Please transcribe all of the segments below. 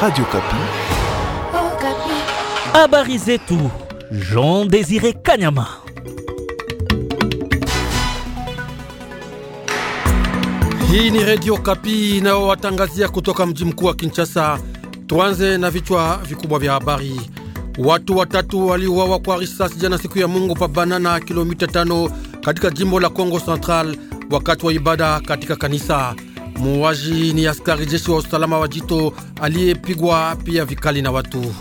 Radio Kapi. Oh, Kapi. Habari zetu Jean Désiré Kanyama. Hii ni Radio Kapi nao watangazia kutoka mji mkuu wa Kinshasa. Tuanze na vichwa vikubwa vya habari. Watu watatu waliuawa kwa risasi jana siku ya Mungu pa Banana, kilomita tano katika jimbo la Kongo Central wakati wa ibada katika kanisa muwaji ni askari jeshi wa usalama wa Jito aliyepigwa pia vikali na watu.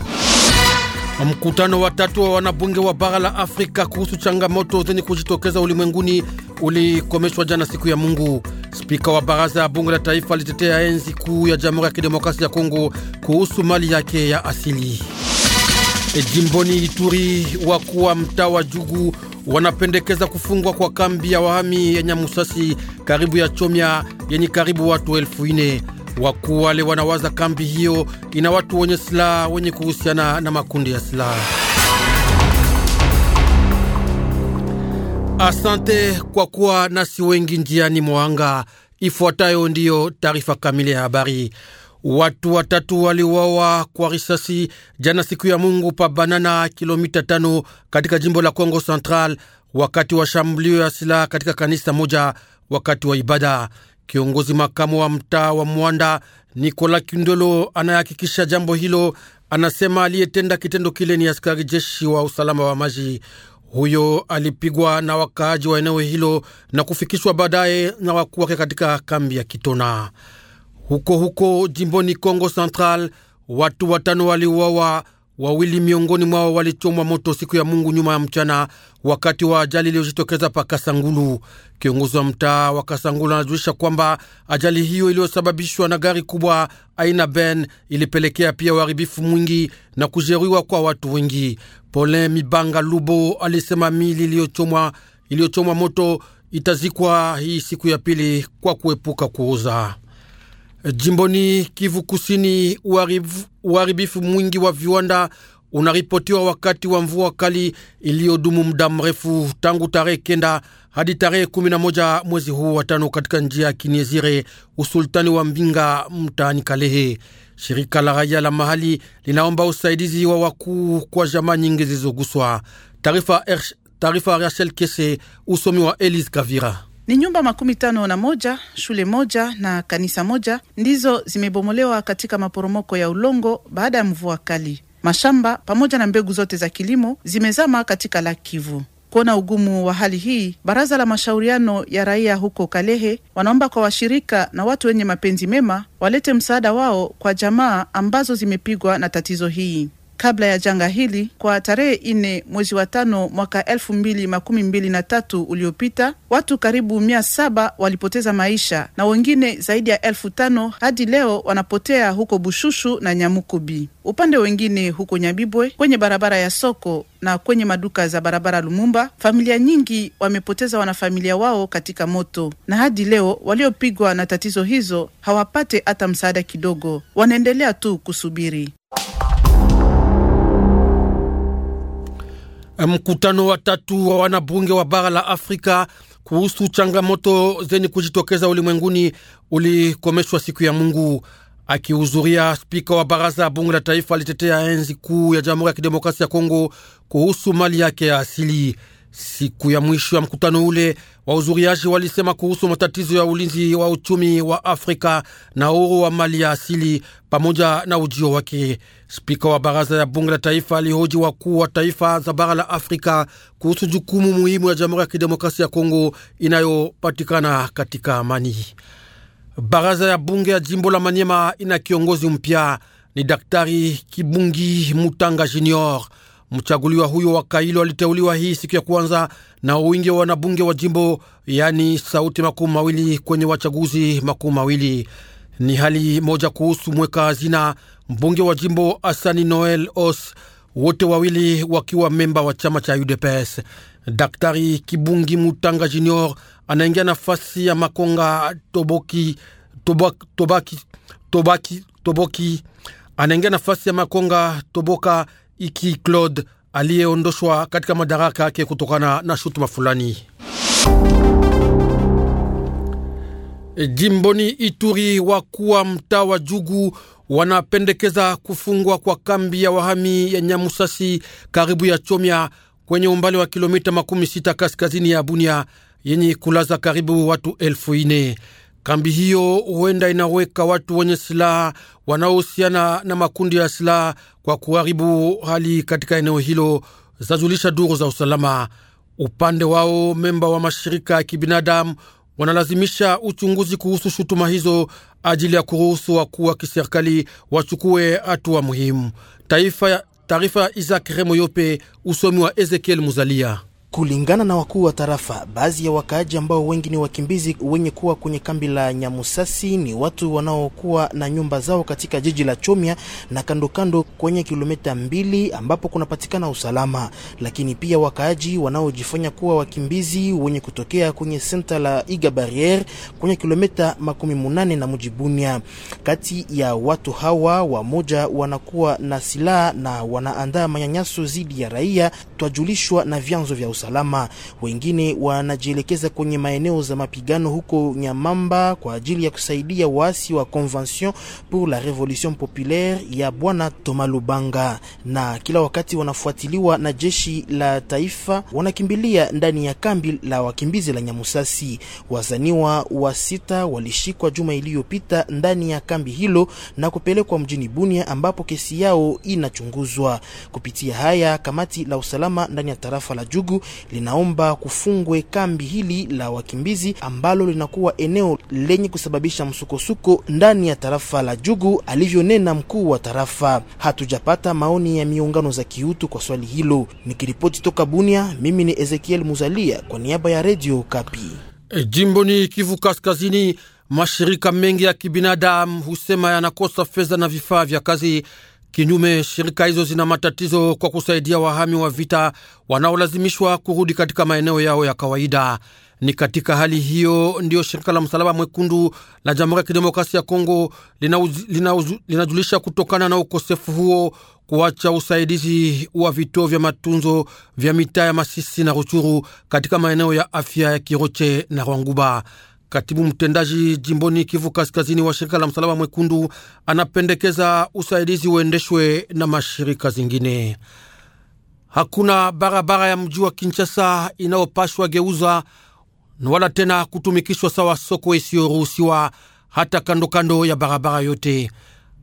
Mkutano wa tatu wa wanabunge wa bara la Afrika kuhusu changamoto zenye kujitokeza ulimwenguni ulikomeshwa jana siku ya Mungu. Spika wa baraza ya bunge la taifa alitetea enzi kuu ya Jamhuri ya Kidemokrasia ya Kongo kuhusu mali yake ya asili. E, jimboni Ituri, wakuwa mtaa wa Jugu wanapendekeza kufungwa kwa kambi ya wahami ya Nyamusasi karibu ya Chomya yenye karibu watu elfu ine. Wakuu wale wanawaza kambi hiyo ina watu wenye silaha wenye kuhusiana na makundi ya silaha. Asante kwa kuwa nasi wengi njiani mwanga. Ifuatayo ndiyo taarifa kamili ya habari. Watu watatu waliuawa kwa risasi jana siku ya Mungu pa Banana, kilomita tano katika jimbo la congo Central, wakati wa shambulio ya silaha katika kanisa moja wakati wa ibada. Kiongozi makamu wa mtaa wa Mwanda Nikola Kindolo anayehakikisha jambo hilo, anasema aliyetenda kitendo kile ni askari jeshi wa usalama wa maji. Huyo alipigwa na wakaaji wa eneo hilo na kufikishwa baadaye na wakuu wake katika kambi ya Kitona. Huko huko jimboni Kongo Central, watu watano waliuawa, wawili miongoni mwao walichomwa moto siku ya Mungu nyuma ya mchana, wakati wa ajali iliyojitokeza pa Kasangulu. Kiongozi wa mtaa wa Kasangulu anajulisha kwamba ajali hiyo iliyosababishwa na gari kubwa aina Ben ilipelekea pia uharibifu mwingi na kujeruhiwa kwa watu wengi. Pole Mibanga Lubo alisema mili iliyochomwa iliyochomwa moto itazikwa hii siku ya pili kwa kuepuka kuuza. Jimboni Kivu Kusini, uharibifu mwingi wa viwanda unaripotiwa wakati wa mvua kali iliyodumu muda mrefu tangu tarehe kenda hadi tarehe kumi na moja mwezi huu wa tano katika njia ya Kinyezire usultani wa Mbinga, mtaani Kalehe. Shirika la raia la mahali linaomba usaidizi wa wakuu kwa jamaa nyingi zilizoguswa. Taarifa Rachel Kese, usomi wa Elise Kavira. Ni nyumba makumi tano na moja, shule moja na kanisa moja ndizo zimebomolewa katika maporomoko ya ulongo baada ya mvua kali. Mashamba pamoja na mbegu zote za kilimo zimezama katika la Kivu. Kuona ugumu wa hali hii, baraza la mashauriano ya raia huko Kalehe wanaomba kwa washirika na watu wenye mapenzi mema walete msaada wao kwa jamaa ambazo zimepigwa na tatizo hii kabla ya janga hili kwa tarehe ine mwezi wa tano mwaka elfu mbili makumi mbili na tatu uliopita watu karibu mia saba walipoteza maisha na wengine zaidi ya elfu tano hadi leo wanapotea huko Bushushu na Nyamukubi, upande wengine huko Nyabibwe, kwenye barabara ya soko na kwenye maduka za barabara Lumumba. Familia nyingi wamepoteza wanafamilia wao katika moto, na hadi leo waliopigwa na tatizo hizo hawapate hata msaada kidogo, wanaendelea tu kusubiri. Eh, mkutano wa tatu wa wanabunge wa bara la Afrika kuhusu changamoto zenye kujitokeza ulimwenguni ulikomeshwa siku ya Mungu. Akihudhuria, spika wa baraza ya bunge la taifa alitetea enzi kuu ya Jamhuri ya Kidemokrasia ya Kongo kuhusu mali yake ya asili. Siku ya mwisho ya mkutano ule wahudhuriaji walisema kuhusu matatizo ya ulinzi wa uchumi wa Afrika na uhuru wa mali ya asili pamoja na ujio wake. Spika wa baraza ya bunge la taifa alihoji wakuu wa taifa za bara la Afrika kuhusu jukumu muhimu ya Jamhuri ya Kidemokrasia ya Kongo inayopatikana katika amani. Baraza ya bunge ya jimbo la Manyema ina kiongozi mpya, ni Daktari Kibungi Mutanga Junior. Mchaguliwa huyo wa Kailo aliteuliwa hii siku ya kwanza na wingi wa wanabunge wa jimbo, yani sauti makumi mawili kwenye wachaguzi makumi mawili. Ni hali moja kuhusu mweka hazina mbunge wa jimbo Asani Noel Os, wote wawili wakiwa memba wa chama cha UDPS. Daktari Kibungi Mutanga Junior anaingia nafasi ya Makonga Toboki, Tobaki, Tobaki, Tobaki, Toboki anaingia nafasi ya Makonga Toboka Iki Claude aliyeondoshwa katika madaraka yake kutokana na shutuma fulani. Jimboni Ituri, wakuu wa mtaa wa Jugu wanapendekeza kufungwa kwa kambi ya wahami ya Nyamusasi karibu ya Chomya kwenye umbali wa kilomita makumi sita kaskazini ya Bunia yenye kulaza karibu watu elfu ine. Kambi hiyo huenda inaweka watu wenye silaha wanaohusiana na makundi ya silaha kwa kuharibu hali katika eneo hilo, zajulisha duru za usalama. Upande wao memba wa mashirika ya kibinadamu wanalazimisha uchunguzi kuhusu shutuma hizo ajili ya kuruhusu wakuu wa kiserikali wachukue hatua muhimu. Taarifa ya Isaac Remo Yope, usomi wa Ezekiel Muzalia. Kulingana na wakuu wa tarafa, baadhi ya wakaaji ambao wengi ni wakimbizi wenye kuwa kwenye kambi la Nyamusasi ni watu wanaokuwa na nyumba zao katika jiji la Chomia na kando kando kwenye kilomita mbili ambapo kunapatikana usalama, lakini pia wakaaji wanaojifanya kuwa wakimbizi wenye kutokea kwenye senta la Iga Barriere kwenye kilomita makumi munane na mji Bunia. Kati ya watu hawa, wamoja wanakuwa na silaha na wanaandaa manyanyaso dhidi ya raia, twajulishwa na vyanzo vya usalama usalama. Wengine wanajielekeza kwenye maeneo za mapigano huko Nyamamba kwa ajili ya kusaidia waasi wa Convention pour la Revolution Populaire ya Bwana thomas Lubanga, na kila wakati wanafuatiliwa na jeshi la taifa, wanakimbilia ndani ya kambi la wakimbizi la Nyamusasi. Wazaniwa wa sita walishikwa juma iliyopita ndani ya kambi hilo na kupelekwa mjini Bunia ambapo kesi yao inachunguzwa. Kupitia haya, kamati la usalama ndani ya tarafa la Jugu linaomba kufungwe kambi hili la wakimbizi ambalo linakuwa eneo lenye kusababisha msukosuko ndani ya tarafa la Jugu, alivyonena mkuu wa tarafa. Hatujapata maoni ya miungano za kiutu kwa swali hilo. Nikiripoti toka Bunia, mimi ni Ezekiel Muzalia kwa niaba ya redio Kapi. E, ni Kivu Kaskazini, mashirika mengi ya kibinadamu husema yanakosa fedha na vifaa vya kazi Kinyume, shirika hizo zina matatizo kwa kusaidia wahami wa vita wanaolazimishwa kurudi katika maeneo yao ya kawaida. Ni katika hali hiyo ndiyo shirika la Msalaba Mwekundu la Jamhuri ya Kidemokrasia ya Kongo linajulisha lina, lina kutokana na ukosefu huo kuacha usaidizi wa vituo vya matunzo vya mitaa ya Masisi na Ruchuru katika maeneo ya afya ya Kiroche na Rwanguba. Katibu mtendaji jimboni Kivu Kaskazini wa shirika la Msalaba Mwekundu anapendekeza usaidizi uendeshwe na mashirika zingine. Hakuna barabara ya mji wa Kinshasa inayopashwa geuza wala tena kutumikishwa sawa soko isiyoruhusiwa hata kando kando ya barabara yote.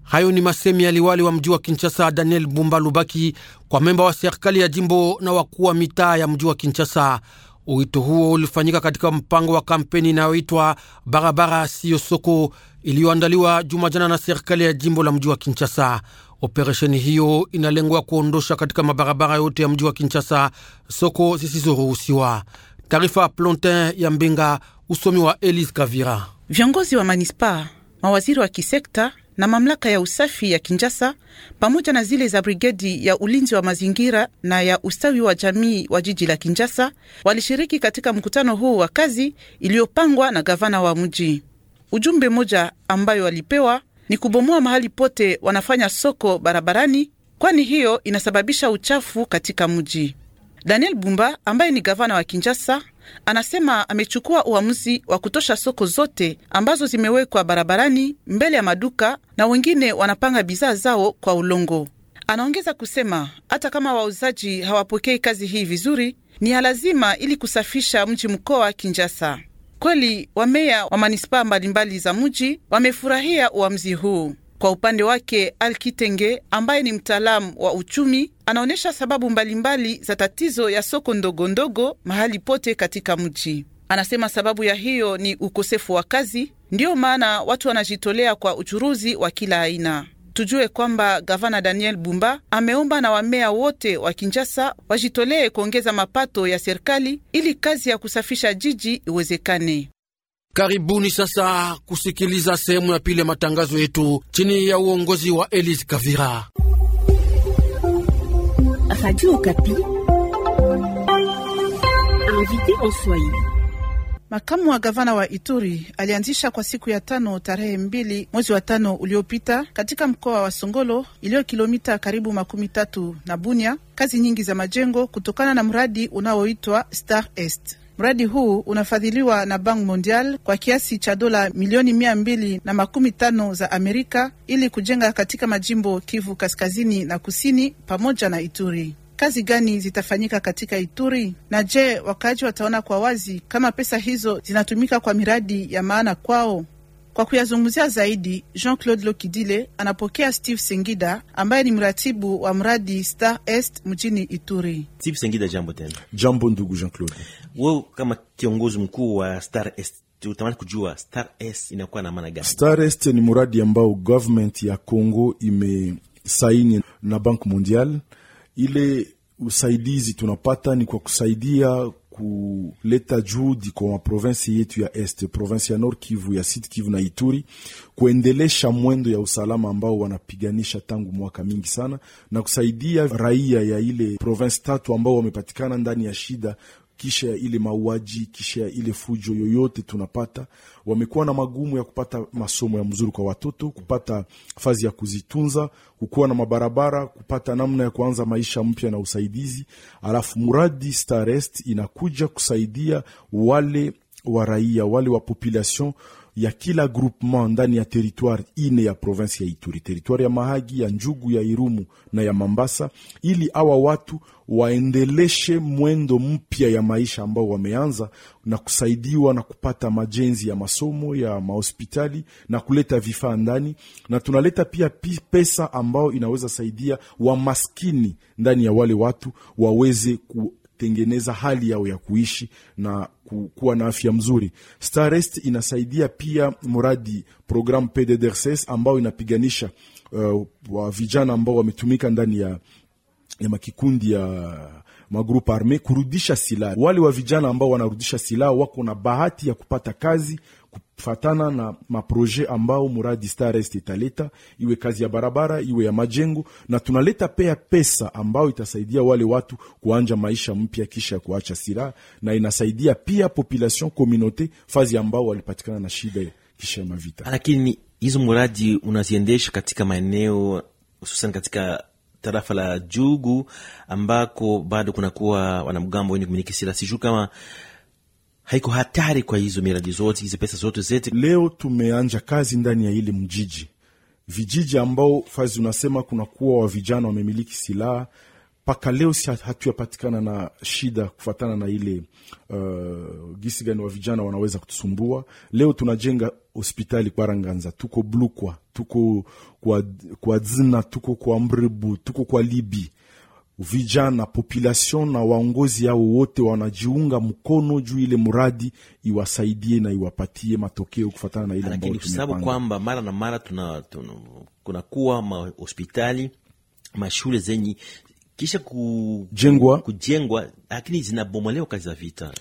Hayo ni masemi ya liwali wa mji wa Kinshasa Daniel Bumba Lubaki kwa memba wa serikali ya jimbo na wakuu wa mitaa ya mji wa Kinshasa. Wito huo ulifanyika katika mpango wa kampeni inayoitwa barabara siyo soko, iliyoandaliwa jumajana na serikali ya jimbo la mji wa Kinshasa. Operesheni hiyo inalengwa kuondosha katika mabarabara yote ya mji wa Kinshasa soko zisizoruhusiwa. Taarifa Plontin ya Mbinga, usomi wa Elise Kavira. Viongozi wa manispa, mawaziri wa kisekta na mamlaka ya usafi ya Kinjasa pamoja na zile za brigedi ya ulinzi wa mazingira na ya ustawi wa jamii wa jiji la Kinjasa walishiriki katika mkutano huu wa kazi iliyopangwa na gavana wa mji. Ujumbe mmoja ambayo walipewa ni kubomoa mahali pote wanafanya soko barabarani, kwani hiyo inasababisha uchafu katika mji. Daniel Bumba ambaye ni gavana wa Kinjasa Anasema amechukua uamuzi wa kutosha soko zote ambazo zimewekwa barabarani mbele ya maduka na wengine wanapanga bidhaa zao kwa ulongo. Anaongeza kusema hata kama wauzaji hawapokei kazi hii vizuri, ni ya lazima ili kusafisha mji mkoa Kinjasa. Kweli wameya wa manispaa mbalimbali za mji wamefurahia uamuzi huu. Kwa upande wake, Alkitenge ambaye ni mtaalamu wa uchumi anaonyesha sababu mbalimbali za tatizo ya soko ndogo ndogo mahali pote katika mji. Anasema sababu ya hiyo ni ukosefu wa kazi, ndiyo maana watu wanajitolea kwa uchuruzi wa kila aina. Tujue kwamba gavana Daniel Bumba ameomba na wamea wote wa Kinshasa wajitolee kuongeza mapato ya serikali ili kazi ya kusafisha jiji iwezekane. Karibuni sasa kusikiliza sehemu ya pili ya matangazo yetu chini ya uongozi wa Elise Kavira. Makamu wa gavana wa Ituri alianzisha kwa siku ya tano tarehe mbili mwezi wa tano uliopita katika mkoa wa Songolo iliyo kilomita karibu makumi tatu na Bunia kazi nyingi za majengo kutokana na mradi unaoitwa Star Est. Mradi huu unafadhiliwa na Bank Mondial kwa kiasi cha dola milioni mia mbili na makumi tano za Amerika ili kujenga katika majimbo Kivu kaskazini na kusini pamoja na Ituri. Kazi gani zitafanyika katika Ituri? Na je, wakaaji wataona kwa wazi kama pesa hizo zinatumika kwa miradi ya maana kwao? Kwa kuyazungumzia zaidi, Jean-Claude Lokidile anapokea Steve Sengida ambaye ni mratibu wa mradi Star Est mjini Ituri. Steve Sengida, jambo tena. Jambo ndugu Jean-Claude. Wewe kama kiongozi mkuu wa Star Est utamani kujua Star Est inakuwa na maana gani? Star Est ni mradi ambao government ya Congo imesaini na Bank Mondial. Ile usaidizi tunapata ni kwa kusaidia kuleta juhudi kwa maprovinsi yetu ya Este, provinsi ya Nord Kivu, ya Sud Kivu na Ituri kuendelesha mwendo ya usalama ambao wanapiganisha tangu mwaka mingi sana na kusaidia raia ya ile province tatu ambao wamepatikana ndani ya shida kisha ya ile mauaji, kisha ya ile fujo yoyote tunapata. Wamekuwa na magumu ya kupata masomo ya mzuri kwa watoto, kupata fazi ya kuzitunza, kukuwa na mabarabara, kupata namna ya kuanza maisha mpya na usaidizi. Alafu muradi Starest inakuja kusaidia wale wa raia wale wa population ya kila groupement ndani ya teritoire ine ya province ya Ituri, teritwari ya Mahagi, ya Njugu, ya Irumu na ya Mambasa, ili awa watu waendeleshe mwendo mpya ya maisha ambao wameanza na kusaidiwa na kupata majenzi ya masomo ya mahospitali na kuleta vifaa ndani, na tunaleta pia pesa ambao inaweza saidia wamaskini ndani ya wale watu waweze ku kutengeneza hali yao ya kuishi na kuwa na afya mzuri. Starest inasaidia pia mradi program PDDRCS ambao inapiganisha uh, wa vijana ambao wametumika ndani ya, ya makikundi ya magrupu arme kurudisha silaha. Wale wa vijana ambao wanarudisha silaha wako na bahati ya kupata kazi kufatana na maproje ambao muradi Star Est italeta, iwe kazi ya barabara, iwe ya majengo, na tunaleta pia pesa ambao itasaidia wale watu kuanja maisha mpya kisha ya kuacha silaha, na inasaidia pia population community fazi ambao walipatikana na shida kisha ya mavita. Lakini hizo muradi unaziendesha katika maeneo hususan katika tarafa la Jugu ambako bado kunakuwa wanamgambo wenye kumiliki silaha, sijuu kama haiko hatari kwa hizo miradi zote, hizi pesa zote zete. Leo tumeanja kazi ndani ya ile mjiji, vijiji ambao fazi unasema kuna kuwa wa vijana wamemiliki silaha mpaka leo si hatuyapatikana na shida kufatana na ile uh, gisi gani wa vijana wanaweza kutusumbua. Leo tunajenga hospitali kwa Ranganza, tuko Blukwa, tuko kwa, kwa Dzina, tuko kwa Mribu, tuko kwa Libi vijana, population na waongozi hao wote wanajiunga mkono juu ile mradi iwasaidie na iwapatie matokeo kufatana na ile mbao. tumepanga, sababu kwamba mara na mara tuna, tuna, kunakuwa mahospitali mashule zenye kisha kujengwa, kujengwa, lakini zinabomolewa kazi za vita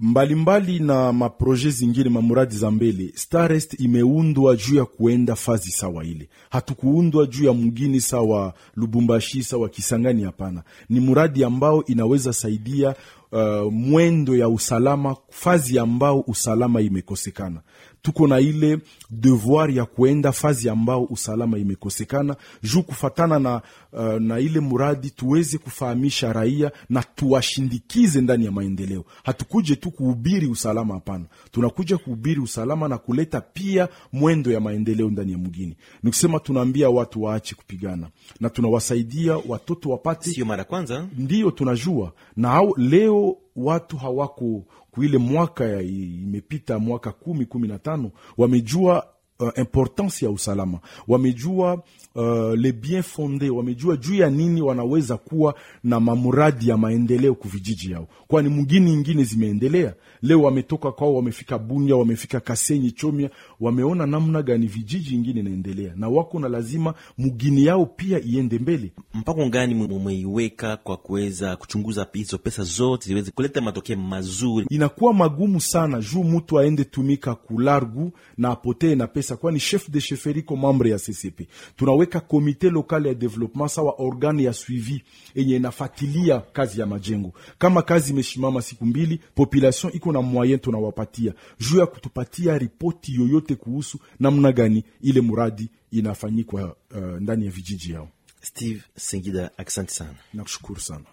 mbalimbali na maproje zingine mamuradi za mbele. Starest imeundwa juu ya kuenda fazi sawa ile, hatukuundwa juu ya mgini sawa Lubumbashi sawa Kisangani. Hapana, ni muradi ambao inaweza saidia Uh, mwendo ya usalama fazi ambao usalama imekosekana tuko na ile devoir ya kuenda fazi ambao usalama imekosekana juu kufatana na, uh, na ile muradi tuweze kufahamisha raia na tuwashindikize ndani ya maendeleo. Hatukuje tu kuhubiri usalama, hapana, tunakuja kuhubiri usalama na kuleta pia mwendo ya maendeleo ndani ya mgini. Nikusema tunaambia watu waache kupigana na tunawasaidia watoto wapate, sio mara kwanza, ndio tunajua na au, leo watu hawako kuile mwaka imepita mwaka kumi kumi na tano wamejua uh, importance ya usalama, wamejua uh, le bien fonde, wamejua juu ya nini wanaweza kuwa na mamuradi ya maendeleo kuvijiji yao, kwani mgini ingine zimeendelea. Leo wametoka kwao, wamefika Bunya, wamefika Kasenyi, chomia wameona namna gani vijiji ingine inaendelea, na wako na lazima mgini yao pia iende mbele. Mpaka gani mumeiweka kwa kuweza kuchunguza hizo pesa zote ziweze kuleta matokeo mazuri? Inakuwa magumu sana juu mtu aende tumika kulargu na apotee na pesa itakuwa ni chef de chefferie iko mambre ya CCP. Tunaweka komite lokale ya development sawa organe ya suivi yenye inafatilia kazi ya majengo. Kama kazi meshimama siku mbili, population iko na moyen tunawapatia juu ya kutupatia ripoti yoyote kuhusu namna gani ile muradi inafanyikwa uh, ndani ya vijiji yao. Steve Singida, asante sana. Nakushukuru sana.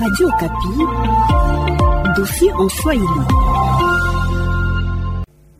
Radio Kapi, dossier en Swahili.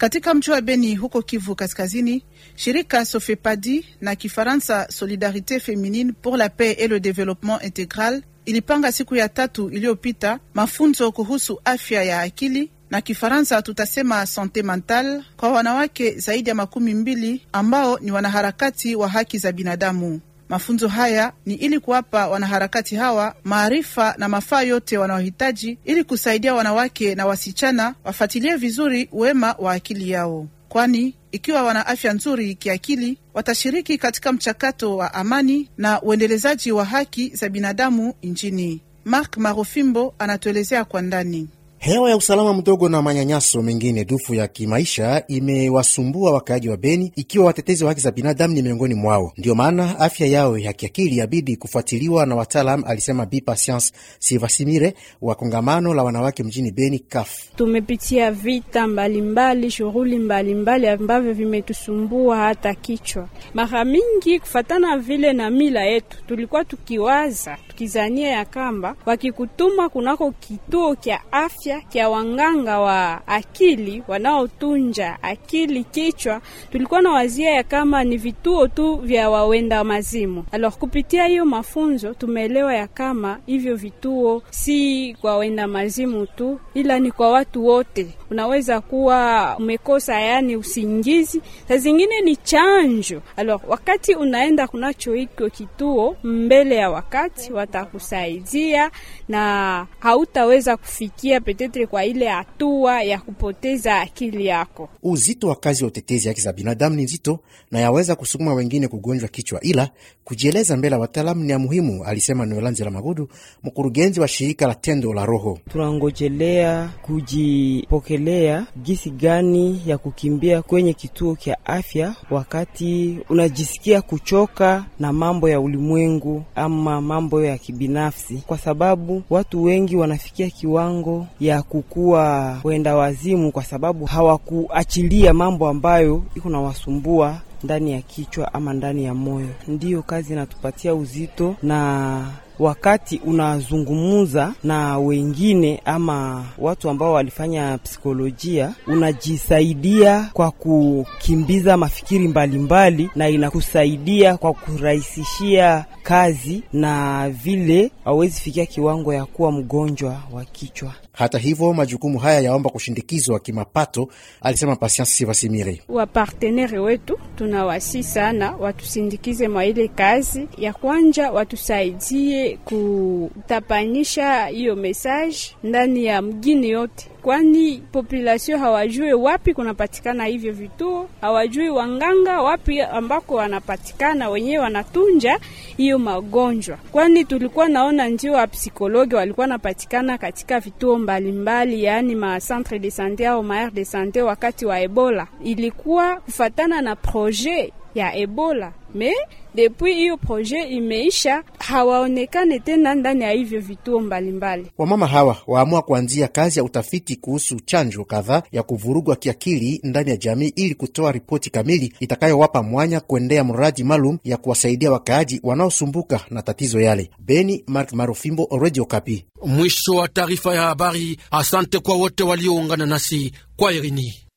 Katika mji wa Beni huko Kivu Kaskazini, shirika Sofepadi na Kifaransa Solidarite Feminine pour la Paix et le Developpement Integral ilipanga siku ya tatu iliyopita mafunzo kuhusu afya ya akili na Kifaransa tutasema sante mental kwa wanawake zaidi ya makumi mbili ambao ni wanaharakati wa haki za binadamu. Mafunzo haya ni ili kuwapa wanaharakati hawa maarifa na mafaa yote wanaohitaji ili kusaidia wanawake na wasichana wafuatilie vizuri wema wa akili yao, kwani ikiwa wana afya nzuri kiakili watashiriki katika mchakato wa amani na uendelezaji wa haki za binadamu nchini. Mark Marofimbo anatuelezea kwa ndani. Hewa ya usalama mdogo na manyanyaso mengine dufu ya kimaisha imewasumbua wakaaji wa Beni, ikiwa watetezi wa haki za binadamu ni miongoni mwao. Ndiyo maana afya yao ya kiakili yabidi kufuatiliwa na wataalam, alisema Bi Patience Sivasimire wa kongamano la wanawake mjini Beni, KAF. Tumepitia vita mbalimbali, shughuli mbalimbali ambavyo vimetusumbua hata kichwa. Mara mingi kufatana vile na mila yetu, tulikuwa tukiwaza tukizania ya kamba wakikutuma kunako kituo kya afya kimoja kya wanganga wa akili wanaotunja akili kichwa, tulikuwa na wazia ya kama ni vituo tu vya wawenda mazimu. Alors kupitia hiyo mafunzo tumeelewa ya kama hivyo vituo si kwa wenda mazimu tu, ila ni kwa watu wote. Unaweza kuwa umekosa yani usingizi, saa zingine ni chanjo. Alors wakati unaenda kunacho hiko kituo, mbele ya wakati watakusaidia na hautaweza kufikia pete petetre kwa ile hatua ya kupoteza akili yako. Uzito wa kazi ya utetezi haki za binadamu ni nzito na yaweza kusukuma wengine kugonjwa kichwa, ila kujieleza mbele ya wataalamu ni ya muhimu, alisema Noelanzela Magudu, mkurugenzi wa shirika la Tendo la Roho. Tunangojelea kujipokelea gisi gani ya kukimbia kwenye kituo kya afya wakati unajisikia kuchoka na mambo ya ulimwengu ama mambo ya kibinafsi, kwa sababu watu wengi wanafikia kiwango ya ya kukua wenda wazimu, kwa sababu hawakuachilia mambo ambayo iko nawasumbua ndani ya kichwa ama ndani ya moyo. Ndiyo kazi inatupatia uzito, na wakati unazungumuza na wengine ama watu ambao walifanya psikolojia, unajisaidia kwa kukimbiza mafikiri mbalimbali mbali, na inakusaidia kwa kurahisishia kazi na vile hawezi fikia kiwango ya kuwa mgonjwa wa kichwa. Hata hivyo majukumu haya yaomba kushindikizwa kimapato, alisema Patience Sivasimire. Wapartenere wetu tunawasi sana, watusindikize mwa ile kazi ya kwanja, watusaidie kutapanisha hiyo mesaji ndani ya mgini yote kwani population hawajui wapi kunapatikana hivyo vituo, hawajui wanganga wapi ambako wanapatikana, wenyewe wanatunja hiyo magonjwa. Kwani tulikuwa naona ndio wa psikologi walikuwa napatikana katika vituo mbalimbali, yaani ma centre de sante au ma aire de sante wakati wa Ebola, ilikuwa kufatana na projet ya Ebola. Me depuis hiyo proje imeisha, hawaonekane tena ndani ya hivyo vituo mbalimbali. Wamama hawa waamua kuanzia kazi ya utafiti kuhusu chanjo kadhaa ya kuvurugwa kiakili ndani ya jamii ili kutoa ripoti kamili itakayowapa mwanya kuendea mradi maalum ya kuwasaidia wakaaji wanaosumbuka na tatizo yale. Beni Mark Marufimbo, Radio Kapi. Mwisho wa taarifa ya habari. Asante kwa wote walioungana nasi kwa Irini.